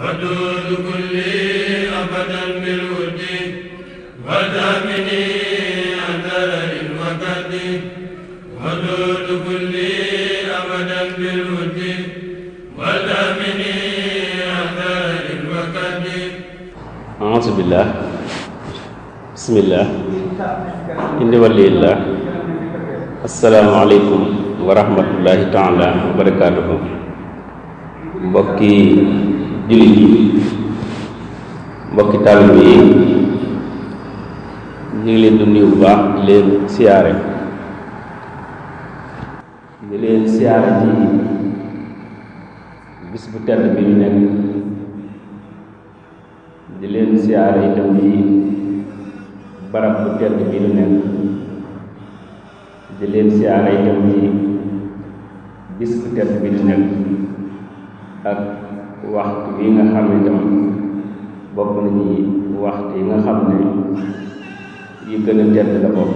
ودود كلي أبدا بالود ودامني أثر الوقت ودود كلي أبدا بالود ودامني أثر الوقت أعوذ بالله بسم الله إن ولي الله السلام عليكم ورحمة الله تعالى وبركاته mbokki jullit yi mbokki taalibe yi ñu ngi leen di bu baax di leen siyaare di leen siyaare ci bis bu tedd bi ñu nekk di leen siyaare itam ci barab bu tedd bi ñu nekk di leen siyaare itam ci bis bu tedd bi ñu nekk ak waxtu yi nga xam ne tam bokk na waxtu yi nga xam ne yi gën a la bokk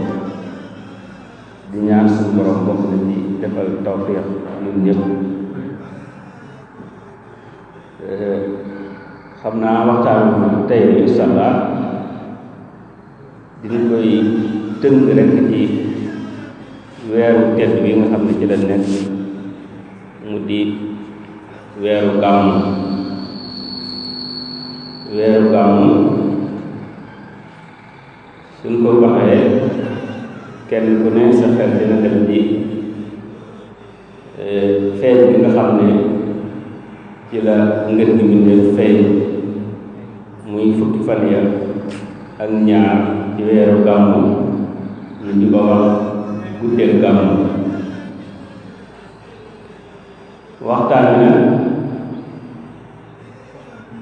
di ñaan suñu borom bokk na ci defal tawfiix ñun ñëpp eh, xam naa waxtaan tey insha allah dina koy tënk rekk ci weeru tedd bi nga xam ne ci la nekk mu di weeru gàmmu weeru gàmmu suñ ko waxee kenn ku ne sa xel dina dem ci feeñ eh, bi nga xam ne ci ngën gi mbindeef feeñ muy fukki fan ak ñaar ci weeru gàmmu ñu di wax guddeel gàmmu waxtaan na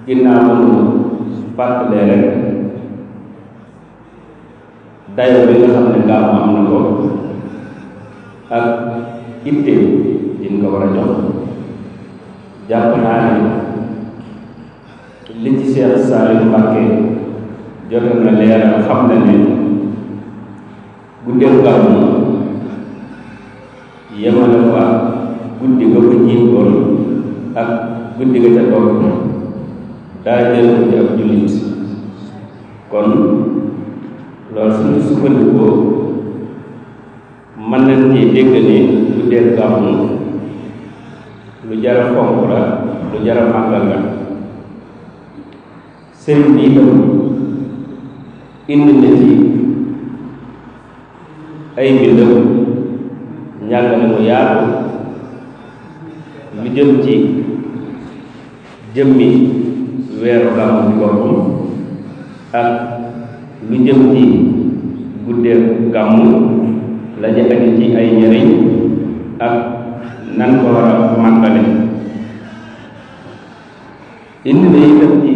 ginnaaw fàttalee rek dayoo bi nga xam ne gàmmu am na ko ak itte din war a jox jàpp naa ne li ci Cheikh Saliou Mbacké jote na leeral xam na ne guddeelu gàmmu yemale ak guddi ga ko jiitoon ak guddi ga ca toog daa jël ko ci ab jullit kon loolu suñu sukkandikoo mën nañ ci dégg ni lu dee gàmmu lu jara fonk la lu jara màggal la sëriñ bi itam indi na ci ay mbindam njàngale mu yaatu lu jëm ci jëmmi weeru gàmmu ci ak lu jëm ci guddee gàmmu la ja aju ci ay njëriñ ak nan ko war a màggale indi na itam ci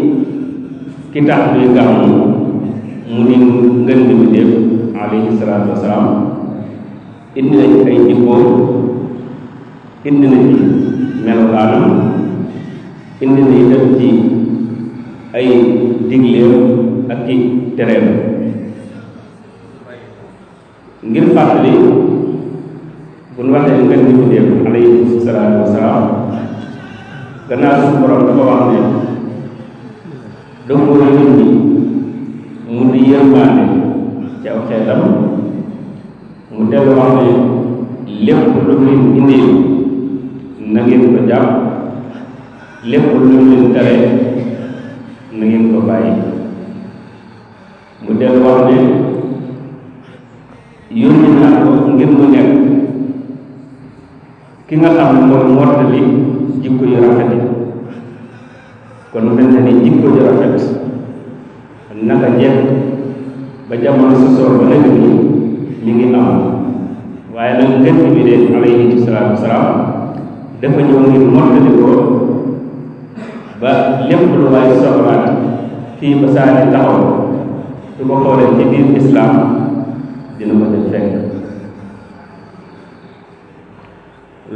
ki tax luy gàmmu mu ni ngën di mu def alayhi salaatu wasalaam indi na ci ay jikkoom indi na ci melokaanam indi na itam ci ay digleem ak i ngir fàttali bu nu waxee ngeen di tuddee alayhi salaatu wasalaam gannaaw suñu borom wax ne doomu nit ñi mu di yërmaane ci aw xeetam wax ne lépp lu ngeen indee na ngeen ko jàpp lépp na ngeen ko bàyyi mu del wax ne yónni naa ko ngir mu nekk ki nga xam ne mooy mottali jikko yu rafet yi kon mel na ni jikko yu rafet naka njëkk ba jamono si soor ba léegi nii mi ngi am waaye nag ngënt bi de alayhi salaatu wasalaam dafa ñëw ngir mottali ko ba lépp lu waay soxlaat fii ba saa su ko xoolee ci islaam dina ko def fekk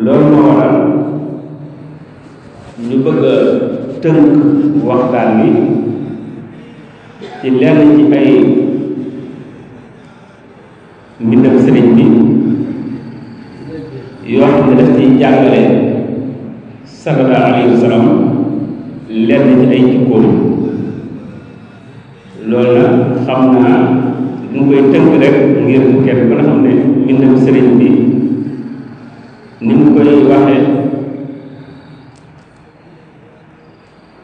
loolu moo waral ñu bëgg a tënk waxtaan wi ci lenn ci ay mbindam sëriñ bi yoo xam ne daf ciy jàngale sallallahu alayhi wa lenn ci ay jikkoom loolu nag xam naa du koy tënk rek ngir kenn ba xam ne mbindam sëriñ bi ni mu koy waxee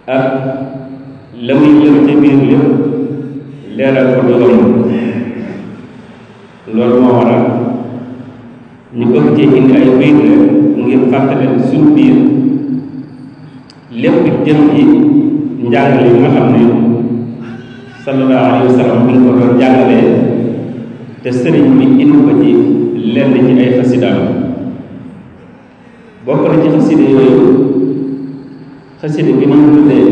ak la muy jëm ca biir lépp leeral ko du loolu moo waral ñu bëgg cee indi ay bayt rek ngir fàttale suñu biir lépp jëm yi njàngale yi nga xam ne sallallahu alayhi wa sallam mi ngi ko doon jàngalee te sëriñ bi indi ko ci lenn ci ay xasidaam bokk na ci xasida yooyu xasida bi ñu tuddee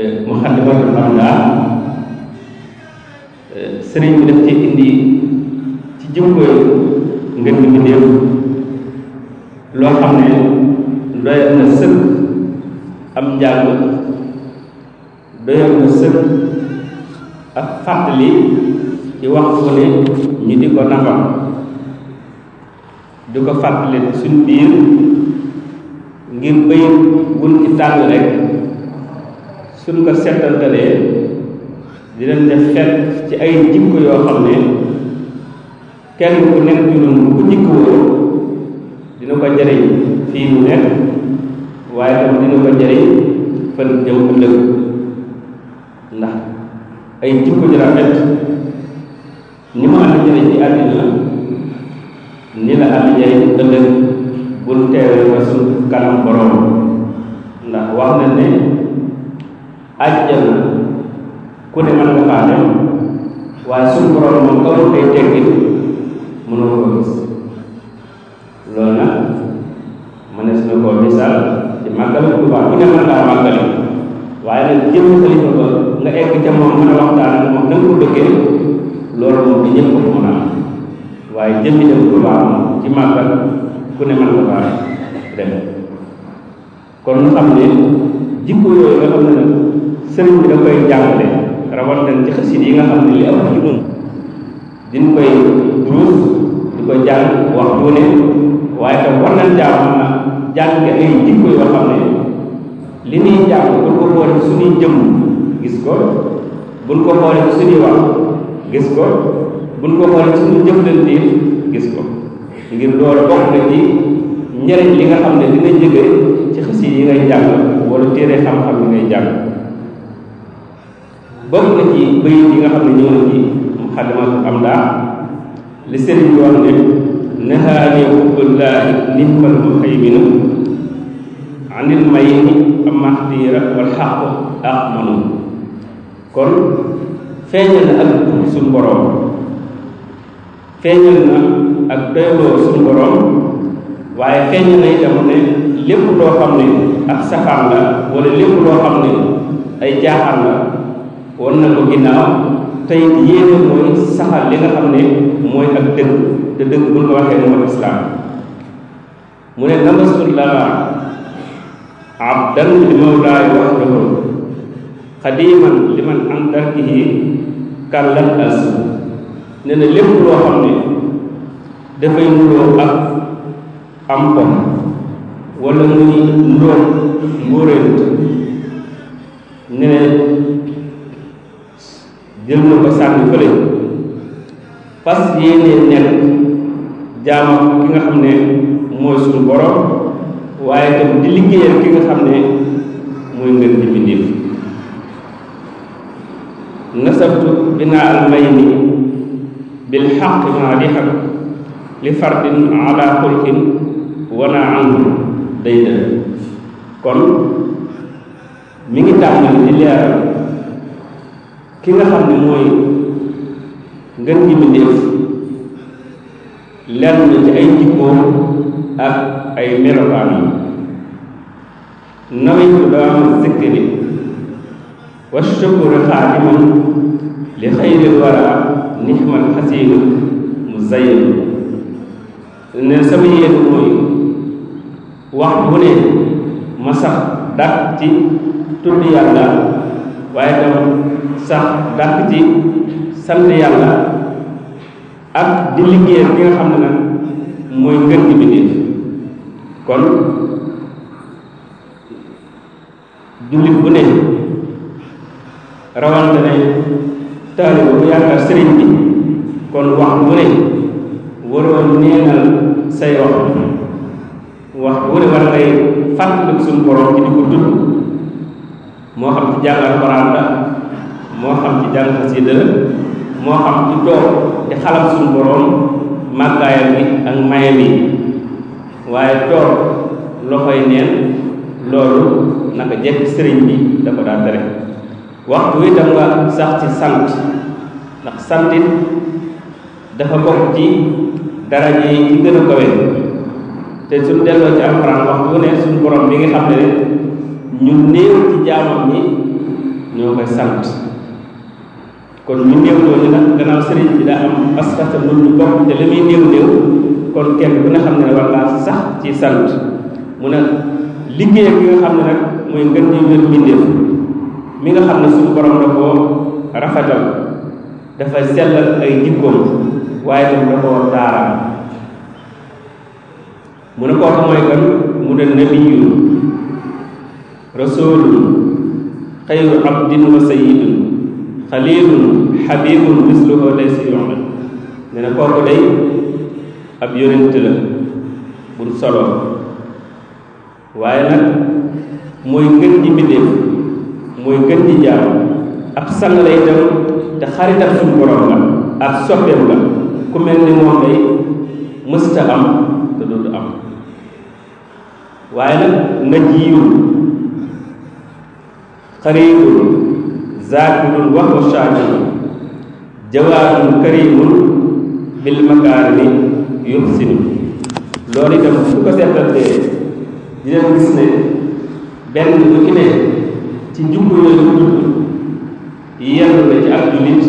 eh, mu xaddimatul amdaa eh, sëriñ bi daf ci indi ci jëkkooy ngeen bi bindéef loo xam ne doyal na sëkk am njàng doyal na sëkk ak fàttali ci waxtu ne ñu di ko nafar di ko fàttali suñ biir ngir bëy wun ci tàng rek suñ ko settantalee di leen def xel ci ay jikko yoo xam ne kenn ku nekk ñun bu ko jikkoo dina ko jëriñ fii mu nekk waaye tam dina ko jëriñ fan jëm ëllëg ndax ay jikko ju rafet ni mu am jëriñ ci àddina ni la am jëriñ ëllëg bul teewee ma suñu kanam borom ndax wax na ne àjjana ku ne mën nga faa dem waaye suñu borom moom kaw koy teggit mënoo ko gis loolu nag mënees na koo misaal màggal Tuuba ku ne mën naa màggal waaye nag jëm xalifa ba nga egg ca moom a waxtaan moom na ko bëggee loolu moom di ñëpp ko mën a am waaye jëmmi dem Tuuba moom ci màggal ku ne mën na faa dem kon nu xam ne jikko yooyu nga xam ne nag sëriñ bi da koy jàngale rawatina ci xasit yi nga xam ne li am ci din koy duruus di ko jàng wax bu ne waaye tam war nañ jàmm na jàng ay jikko yoo xam ne li ñuy jàng buñ ko xoolee suñuy jëm gis ko buñ ko xoolee suñuy wax gis ko buñ ko xoolee suñuy jëflante gis ko ngir loolu bokk na ci njëriñ li nga xam ne dina jóge ci xasida yi ngay jàng wala téere xam-xam yi ngay jàng bokk na ci bayit yi nga xam ne ñëw na ci xadimatul am daa li sëriñ bi wax ne nahaani hubbullaahi nimal muhayminu anil mayni amahdira wal xaqu aqmanu kon feeñal na ak dugg suñu boroom feeñal na ak doyloo suñu boroom waaye feeñal na itam ne lépp loo xam ne ak safaan la wala lépp loo xam ne ay jaaxal la won ko ginnaaw tey yéene mooy saxal li nga xam ne mooy ak dëgg te dëgg buñ ko waxee mooy islaam mu ne namasullaa abdan li mawlaay waxdahu xadiman li man am darkihi kàllat as nee na lépp loo xam ne dafay nuroo ak am ko wala muy nuroo mbóoréent ne jël na ko sànni fële fas yéene nekk jaamu ki nga xam ne mooy suñu borom waaye tam di liggéeyal ki nga xam ne mooy ngën di bindéef nasabtu binaa almayni bil xaq maa di xaq li fardin ala xulqin wana anhu day dël kon ngi tàmbali di leeral ki nga xam ne mooy ngën di bindéef lenn na ci ay ak ay melokaan yi nawitu daam zikri wa shukri li xayril wara nixman xasiinu mu zayyinu ne sama mooy wax bu ne ma sax sax dàq ci ak di liggéeyal bi xam ne nag mooy ngën gi bindéef kon jullit bu ne rawante ne taaliba bu yaakaar sëriñ kon wax bu ne waroo neenal say wax wax bu ne war ngay fàttaliku suñu borom ci di moo xam ci jàng alxuraan moo xam ci jàng xasida moo xam di toog di xalam suñu boroom màggaayam bi ak mayam yi waaye toog loxoy neen loolu naka jekk sëriñ bi da ko daa tere waxtu wi tam nga sax ci sant ndax santit dafa bokk ci daraje yi ci gën a kawe te suñ delloo ci alxuraan waxtu ne suñu borom bi nga xam ne ñu néew ci jaamam ñi ñoo koy sant kon ñu néew loolu nag gannaaw sëriñ bi daa am asfata lu ñu te li muy néew néew kon kenn bu nga xam ne war sax ci sant mu ne liggéey bi nga xam ne nag mooy ngën di wér mbindéef mi nga xam ne suñu borom da rafetal dafa sellal ay jikkoom waaye tam da koo mu ne kooku mooy kan mu ne nabiyun rasulun xayru abdin wa sayyidun xalilun xabibun misluhu laysa yu'lam nee na kooku day ab yonent la buñ solo waaye nag mooy gën ji bindéef mooy gën ji jaam ab sang te xaritam suñu la ab soppeem la ku mel ni moom day mësta am te dootu am waaye nag na jiiwul zaakirun wa huwa shaakirun jawaadun karimun bil makaarimi yuxsinu loolu itam su ko seetlantee dina gis ne benn bu ci ne ci njubbu yooyu mu tudd yenn la ci ak jullit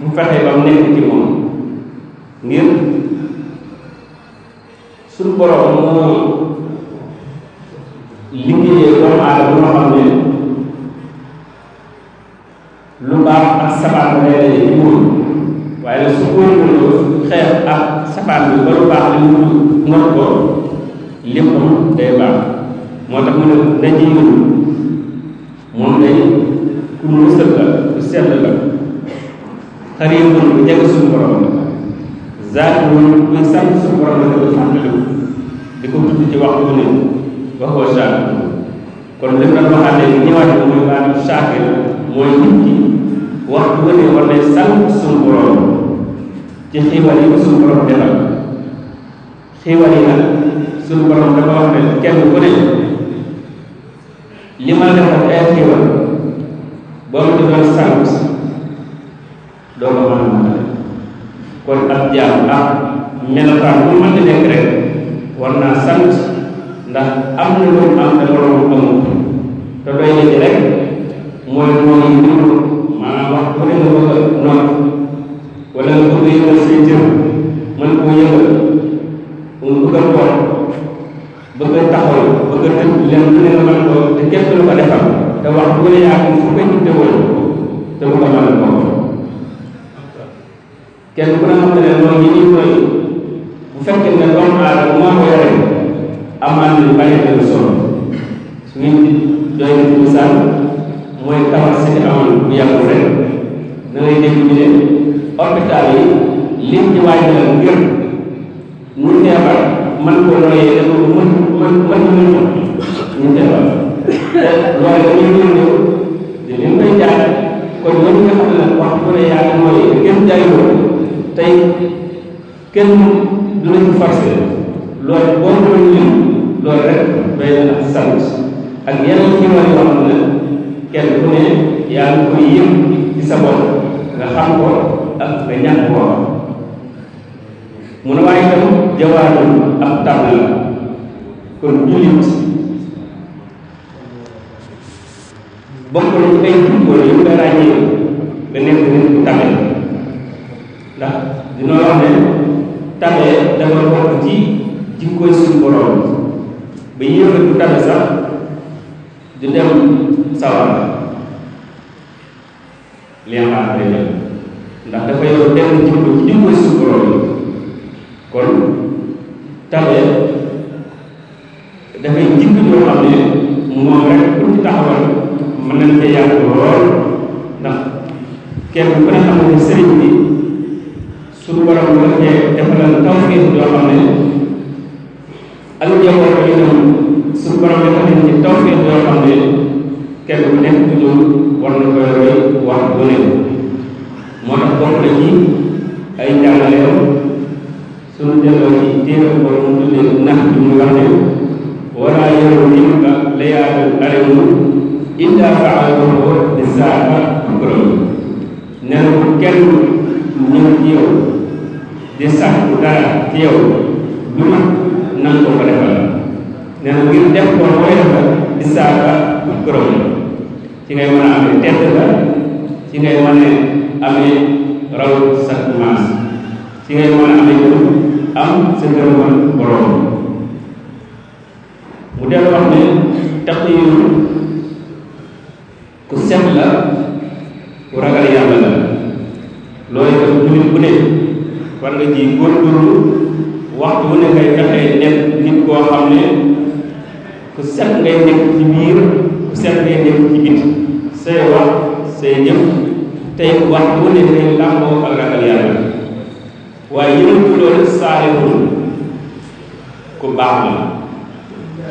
mu fexe ba nekk ci moom ngir suñu borom moo liggéeyee doomu aadama moo xam ne lu baax ak sabaan lay lay di wóor waaye nag su wóoruloo xeex ak sabaan bi ba lu baax li mu ngot ko léppam day baax moo tax mu ne nañu yónni moom day ku musal la ku sell la xariibun bu jege suñu borom la zaatun kuy sant suñu borom la ko fàttaliku di ko tudd ci waxtu bu ne waxoo saakir kon li mu doon waxaat léegi ñëwaat moom mooy maanaam saakir mooy nit ki waxtu wane war na sant suñu ci xiiwal yi ko suñu borom xiiwal yi nag suñu borom dafa wax ne kenn ku ne li ay xiiwal boo ma defal doo ko mën a mën kon ab jaam ak melokaan bu mën di nekk rek war naa sant ndax am na lu am te borom amul te doy na ci rek mooy mooy mbir maanaam wax bu ne nga bëgg a noot wala nga bëgg a yëngal say jëm mën koo yëngal nga bëgg a toog bëgg a taxawal bëgg a tëj lenn lu bu ne yaa ko fu ko jiite woon te bu ko mënal ko kenn ku lu solo su ngeen di mooy tabax si amoon bu yàggul rek da ngay dégg ñu ne hôpital yi liñ ci waaj la ngir ñu feebar man ko looyee dafa mën mën mën mën ñu feebar loolu dañuy ñëw ñëw di leen koy jaar kon ñoom nga xam ne wax bu ne yàlla mooy gën jaayoo tey kenn di dem sawar leexaar day dem ndax dafa yor dem jikko jikko si borom yi kon tabee dafay jikk yoo xam ne moom rek pour ci taxawal mën nañ cee yàgg lool ndax kenn ku ne xam ne sëriñ bi suñu borom la cee defalal taw yoo xam ne ak njaboot yi itam suñu borom dafa nekk ci tawfeex kenn ku nekk ci ñoom war na wax bu ne moo tax bokk ci ay jàngaleem suñu delloo ci téere borom mu tuddee nax bi muy wax ne wala yurhibuka layaatu alamu illa faaluhu di saaba borom nee na kenn ñëw ci di sax dara ci yow lu mat nan ko ko nee na ngir def ko mooy dafa bisaab ba gërëm la ci ngay mën a amee tedd la ci ngay mën a amee raw sa maas ci ngay mën a amee am sa gërëmal borom mu del wax ne taqiyu ku set la ragal yàlla la loolu def jullit bu ne war nga ji góorgóorlu waxtu bu ne ngay fexe nekk nit koo xam ne ku set ngay nekk ci ku set ngay nekk ci say wax say jëf tey wax bu ne day làmboo ak ragal yàlla waaye yëngu loolu saalihun ku baax la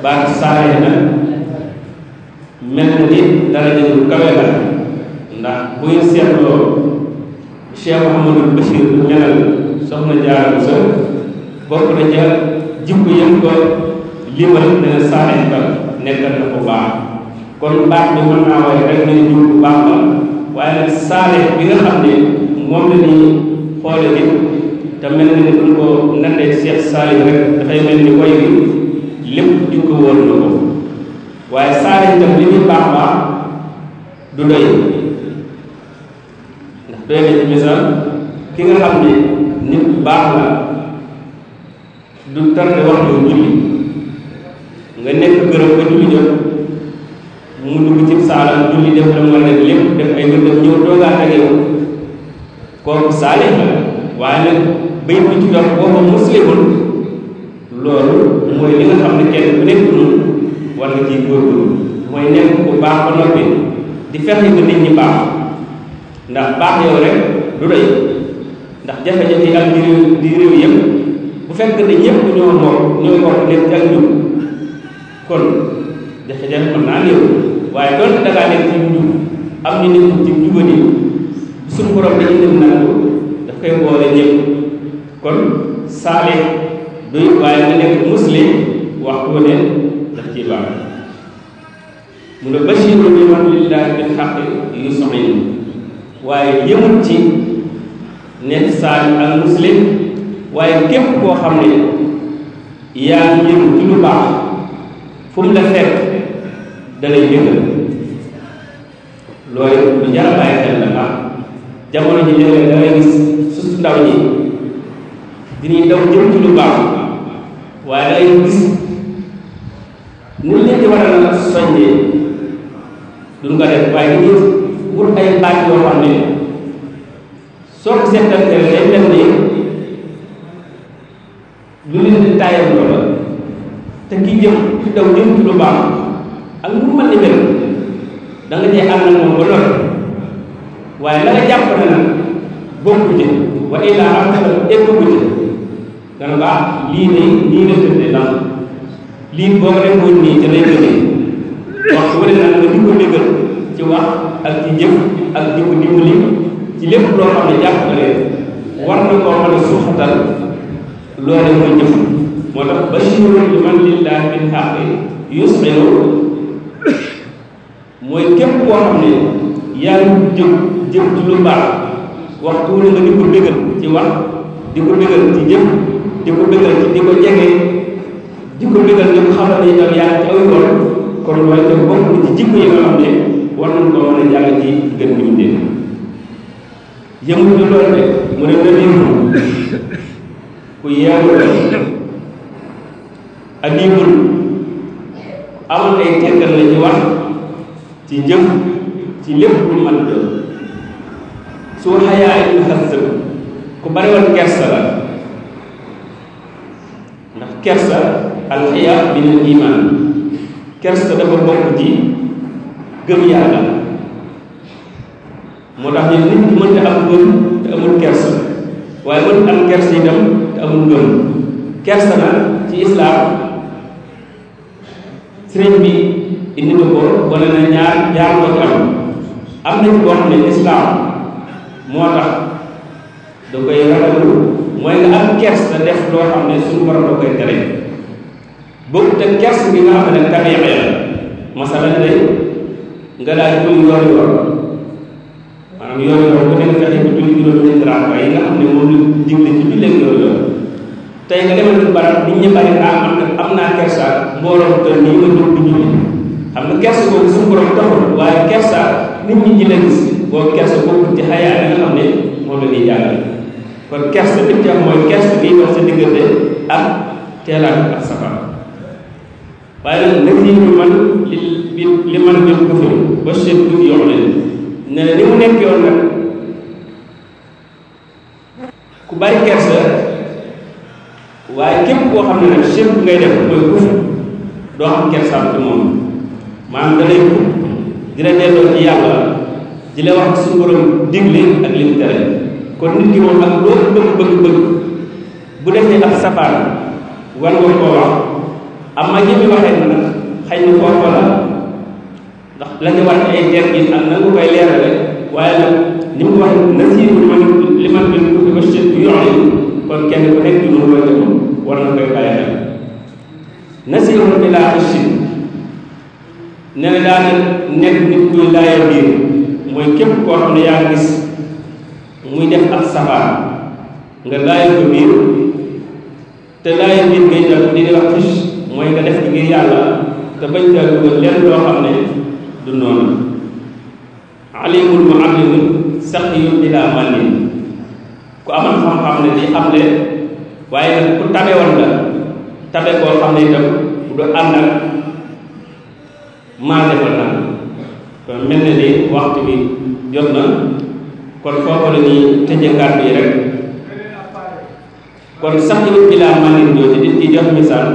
baax saalih nag mel na ni dara jëlu kawe la ndax buy seetloo Cheikh Mouhamadou Bachir melal soxna Jaara Buso bokk na ca jikko yëpp ko limal ne saalix ba nekkal na ko baax kon baax bi mën naa waaye rek nañ jur bu baax la waaye nag saalix bi nga ne moom la ñuy na ni buñ ko nandee seex saalix rek dafay mel baax baax du doy ndax doy na ci ki nga xam ne nit baax la du tarde waxtu julli nga nekk gërëm ba julli jot mu dugg cib saalam julli def la mooy nag lépp def ay ngëndam ñëw toogaat kooku saalix la waaye nag bay bi ci dox boo ko muslimul loolu mooy li nga xam ne kenn ku nekk noonu war nga ciy góorgóorlu mooy nekk ku baax ba noppi di fexe ba nit ñi baax ndax baax yow rek du doy ndax jafe-jafe yi am di réew di réew yëpp bu fekk ne ñëpp ñoo moom ñooy bokk nekk ak kon jafe jafe mën naa néew waaye doon da ngaa nekk ci am ñu nekk ci jubani suñu borom dañu dem naa ko daf koy boole ñëpp kon saalih duy waaye nga nekk muslim waxtu ne daf ciy baax mu ne bashiru bi man lillahi bil xaq yu soxin waaye yëmul ci nekk saalih ak muslim waaye képp koo xam ne yaa ngi yëngu ci fu la fekk dalay yëgal looy lu jar a bàyyi la ndax jamono ji léeg-léeg gis surtout ndaw ñi dinañ jëm ci baax waaye da gis ni leen war a la soññee duñ ko def waaye dañuy wut ay baat yoo xam ne soo ko seetal day mel ni lu leen di taayam lool ki jëm ki daw jëm ci baax ak lu mën di mel da nga moom ba lool waaye la nga jàpp ne nag wa illaa am na ëpp ci dana baax ah, lii ne nii la tëddee lan lii boo ko defoon nii te ci wax ak ci jëf ak di ko ci lépp loo xam ne jàpp na war na koo mën a suuxatal loolee mooy jëf moo tax bashiru li man lillah bil xaqi yusxiru mooy képp koo ne yaa ngi jëm jëm baax waxtu wu nga di ko bégal ci wax di ko bégal ci jëf di ko bégal ci di ko jege di ko bégal di ko xamal ne itam yaa ngi yoon kon loolu itam bokk na ci jikko yi ne war nañ koo mën a jàng ci gën ñu dee yëngu ci loolu de mu ne na ku yeewu ak yiwul amul ay teggal la ci wax ci jëf ci lépp lu mën doon su xayaa yu xasëb ku bari woon kersa la ndax kersa alxayaa bi na imaan kersa dafa bokk ci gëm yàlla moo tax ñu nit mënta am gëm te amul kersa waaye mënta am kersa itam te amul gëm kersa nag ci islaam sëriñ bi indi na ko wala na ñaar ñaar loo ci am am na ci boo xam ne lislaam moo tax da koy rafetlu mooy nga am kers da def loo xam ne suñu borom da koy tere boobu te kers bi nga xam ne tabiixe la masalan nga daal di koy yor yor maanaam yor yor bu nekk fexe bu julli juróomi ñetti rakaa yi nga xam ne moom la jigle ci bi léegi yor yor tey nga demal ci barab nit ñi bari naa am am naa kersa mbooloo mu toll nii ma dugg ñu xam nga kersa boobu suñu borom taxul waaye kersa nit ñi ñu la gis boobu kersa boobu ci xam ne moom la ñuy jàngale kon kersa bi ci am mooy kersa bi war sa diggante ak teelaat ak safar waaye nag nag yi ñu man li li man bi ko fi ba seet du yox leen ne ni mu nekk yoon nag waaye képp koo xam ne nag séntu ngay def mooy uf doo xam kersaam ci moom maanaam da lay uf di la ci yàlla di la wax suñu borom ak li mu tere kon nit ki moom ak loolu bëgg bëgg bëgg bu defee ak safaan war nga koo wax amma ñi ñu waxee na nag xëy foofu la ndax la nga wax ay teggin ak na nga koy leerale waaye nag ni mu wax na siiru man li man bi ko ba shet bi kon kenn ku nekk lu wër dëkk war na koy bàyyi xel nasiiru ne na daana nekk nit kuy laaya biir mooy képp koo xam ne yaa gis muy def ak safaan nga laaya ko biir te laaya biir ngay def di di mooy nga def ngir yàlla te bañ kaa dugal lenn loo xam ne du noonu alimul muallimu saqiyun bilaa màllin ku amoon xam-xam ne di xam le waaye nag ku tabe la tabe koo xam ne itam du ànd ak maa defal la kon mel na ni waxtu bi jot na kon foofu la ñuy tëjee kàddu rek kon sax ñu ngi laa maa ngi doon di jox misaal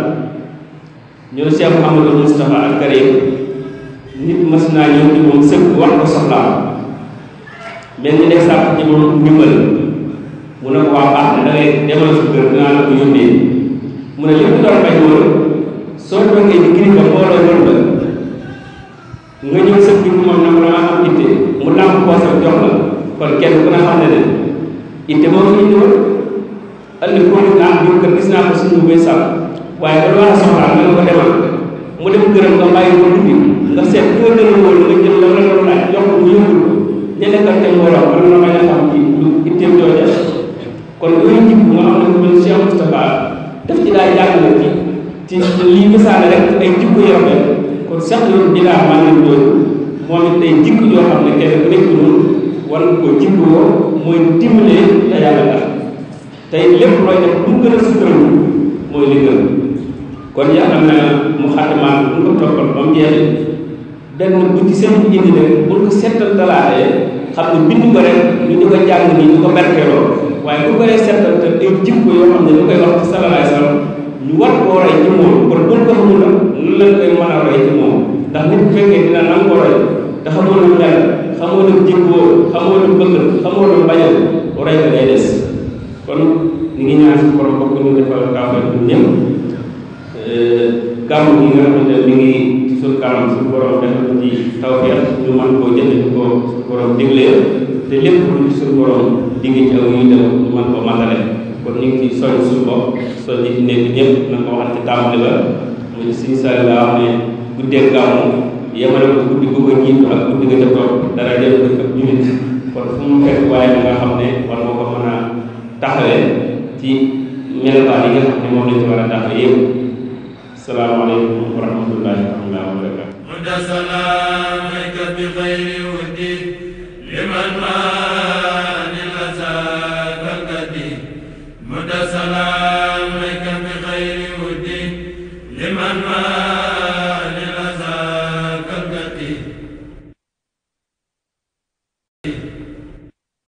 ñoo Cheikh Amadou Moustapha al Karim nit mas naa ñëw ci moom sëkk wax ko soxlaam mel ni de sàkk ci moom ndimbal mu ne ko waa baax na da ngay demal sa kër dinaa la mu ne li mu doon bañ woon soo toogee ci kilifa mbooloo loolu la nga ñëw sëb bi moom nag dama am itte mu làmb poosam jox la kon kenn ku ne xam ne ne itte moom ñu ñëw andi ko ni naan bi kër gis naa ko suñu bay sàmm waaye ba war a soxlaa nga ko demal mu dem këram nga bàyyi ko tuuti nga seet koo dëna woon jël la la doon laaj jox ko mu yóbbul ñu nekkal te mbooloo mën na bañ a xam ci lu itteem jooja kon luy jib nga xam ne ku mel Cheikh Moustapha daf ci daay jàngale ci ci lii misaale rek ay jikko yor la kon sax loolu bidaa maa ngi moom it day jikko joo xam ne kenn ku nekk noonu war nga ko jikkoo mooy dimbale te yàlla tax tey lépp looy def lu gën a suturalu mooy li gën kon yaakaar naa mu xatamaan bu ko toppal ba mu jeex benn bu ci seen indi rek bu ko settal dalaatee xam ne bindu ko rek ñu di ko jàng nii ñu ko merkeloo waaye ku koy seetal te ay jikko yoo xam ne ñu koy wax ci sallallahu alayhi wa sallam ñu war koo roy ci moom kon buñ ko xamul nag lan lañ koy mën a roy ci moom ndax nit bu fekkee dina nan ko roy te xamoo lu mel xamoo lu jikkoo xamoo lu bëgg xamoo lu bañal roy ko day des kon ñu ngi ñaan si borom bokk ñu defal gàmmu ñu ñëpp euh, gàmmu gi nga xamante mi ngi ci suñu kanam su borom defal ci tawfeex ñu mën koo jënd ko borom digle te lépp lu ci suñu borom liggéey ci aw yi dem mën ko matale kon ñu ngi ci soñ suñu bopp soñ ñi fi nekk ñëpp na ko waxante ba muy suñu la wax ne guddee gàmmu yemale guddi gu ko jiitu ak guddi ga ca toog dara jël ko ak ñu nit kon fu mu fekk waaye bi nga xam ne war nga ko mën a taxawee ci melokaan yi nga xam ne moom lañ ci war a taxawee yëpp salaamaaleykum wa rahmatullahi wa barakatuh